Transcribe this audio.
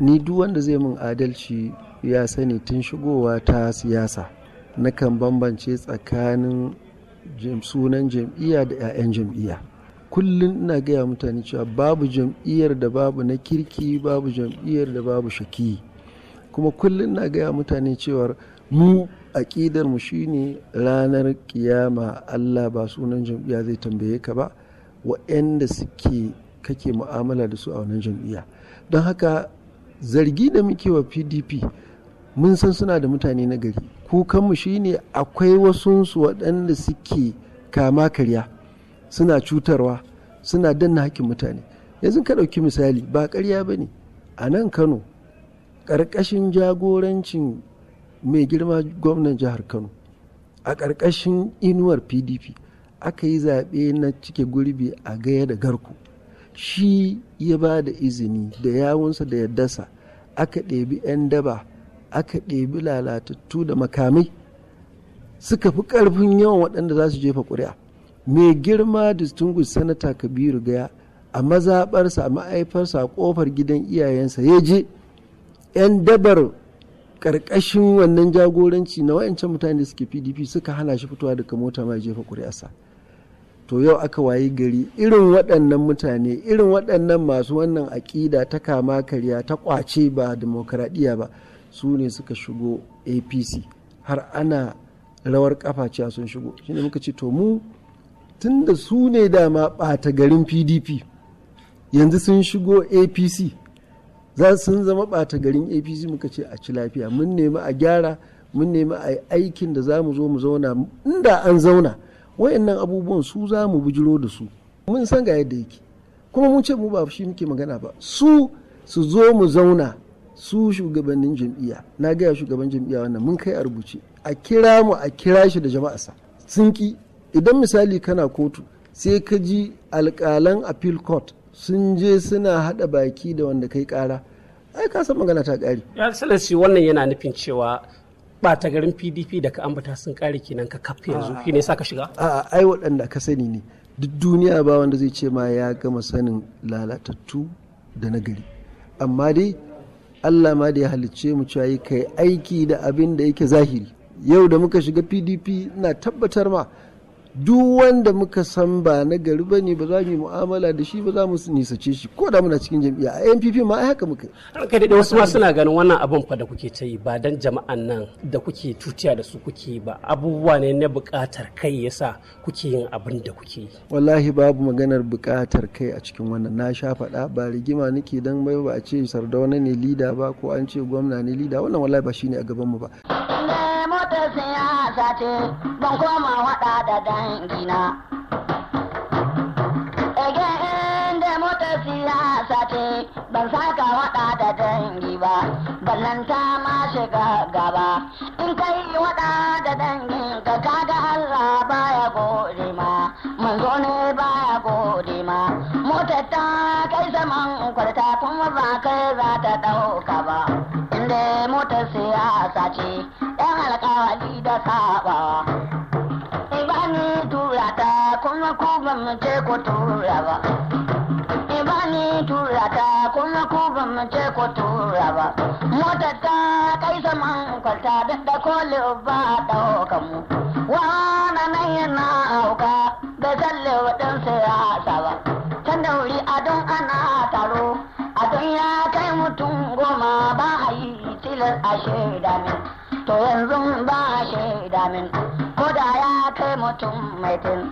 ni duk wanda zai min adalci ya sani tun shigowa ta siyasa nakan bambance tsakanin sunan jam'iyya da 'ya'yan jam'iyya kullum ina gaya mutane cewa babu jam'iyyar da babu na kirki babu jam'iyyar da babu shaki kuma kullum ina gaya mutane cewa mu aƙidar mu shine ranar kiyama allah ba sunan jam'iyya zai tambaye ka ba wa'yanda suke kake mu'amala da su a wannan jam'iyya don haka zargi da muke wa pdp mun san suna da mutane na gari kukanmu shine akwai wasunsu waɗanda suke kama karya suna cutarwa suna danna hakkin mutane yanzu ka ɗauki misali ba karya ba ne a nan kano ƙarƙashin jagorancin mai girma gwamnan jihar kano a ƙarƙashin inuwar pdp aka yi zaɓe na cike gurbi a gaya da garku shi ya ba da izini da yawunsa da ya dasa aka ɗebi 'yan daba aka ɗebi lalatattu da makamai suka fi ƙarfin yawan waɗanda za su jefa ƙuri'a mai girma distinguished sanata kabiru gaya a mazaɓarsa a ma'aifarsa a ƙofar gidan iyayensa ya je 'yan dabar ƙarƙashin wannan jagoranci na wayancan mutane da suke pdp suka hana shi fitowa daga mota mai jefa ƙuri'arsa to yau aka wayi gari irin waɗannan mutane irin waɗannan masu wannan aƙida ta kama karya ta ƙwace ba demokradiyya ba su ne suka shigo apc har ana rawar kafa cewa sun shigo shine muka ce to mu tun da su ne dama ɓata garin pdp yanzu sun shigo apc za sun zama ɓata garin apc muka ce a ci lafiya mun nemi a gyara mun nemi a aikin da za mu zo mu zauna inda an zauna wayannan abubuwan su za mu bujiro da su mun san ga yadda yake kuma mun ce mu ba shi muke magana ba su su zo mu zauna su shugabannin jam'iyya na gaya shugaban jam'iyya wannan mun kai a rubuce a kira mu a kira shi da jama'arsa sun ki idan misali kana kotu sai ka ji alƙalan appeal court sun je suna haɗa baki da wanda kai kara ai ka san magana ta ƙari ya salasi wannan yana nufin cewa ɓata garin pdp da ka ambata sun kare kenan ka kafa yanzu shi ne sa ka shiga a'a ai waɗanda ka sani ne duk duniya ba wanda zai ce ma ya gama sanin lalatattu da nagari amma dai allah ma da ya halicce mu cewa kai aiki da abin da yake zahiri yau da muka shiga pdp na tabbatar ma duk wanda muka san ba na gari ba ne ba za mu yi mu'amala da shi ba za mu nisace shi ko da muna cikin jam'iyya a NPP ma ai haka muka haka da wasu ma suna ganin wannan abin fa da kuke ta yi ba dan jama'an nan da kuke tutiya da su kuke ba abubuwa ne na buƙatar kai yasa kuke yin abin da kuke yi wallahi babu maganar buƙatar kai a cikin wannan na sha faɗa ba rigima nake dan bai ba a ce sardauna ne lida ba ko an ce gwamna ne lida wannan wallahi ba shine a gaban mu ba ne mota siyasa ce ban koma da dangina. Egen inda motar siyasa ce ban saka waɗa da dangi ba, ballanta ma shiga gaba. In kai waɗa da dangi ka kaga Allah baya gode ma, manzo ne baya gode ma. mota ta kai zaman kwarta kuma ba kai za ta ɗauka ba. Inda motar siyasa ce, ɗan alkawali da sabawa. ta kuma ku ban mu ce ku tura ba. Ibani tura ta kuma ku ban mu ce ku tura ba. Mota ta kai saman kwalta duk da koli ba ɗaukan mu. Wana na yana auka bai tsalle waɗin siyasa ba. Can da wuri a don ana taro a don ya kai mutum goma ba a yi tilar a shaida min. to yanzu ba shi damin ko ya kai mutum mai tin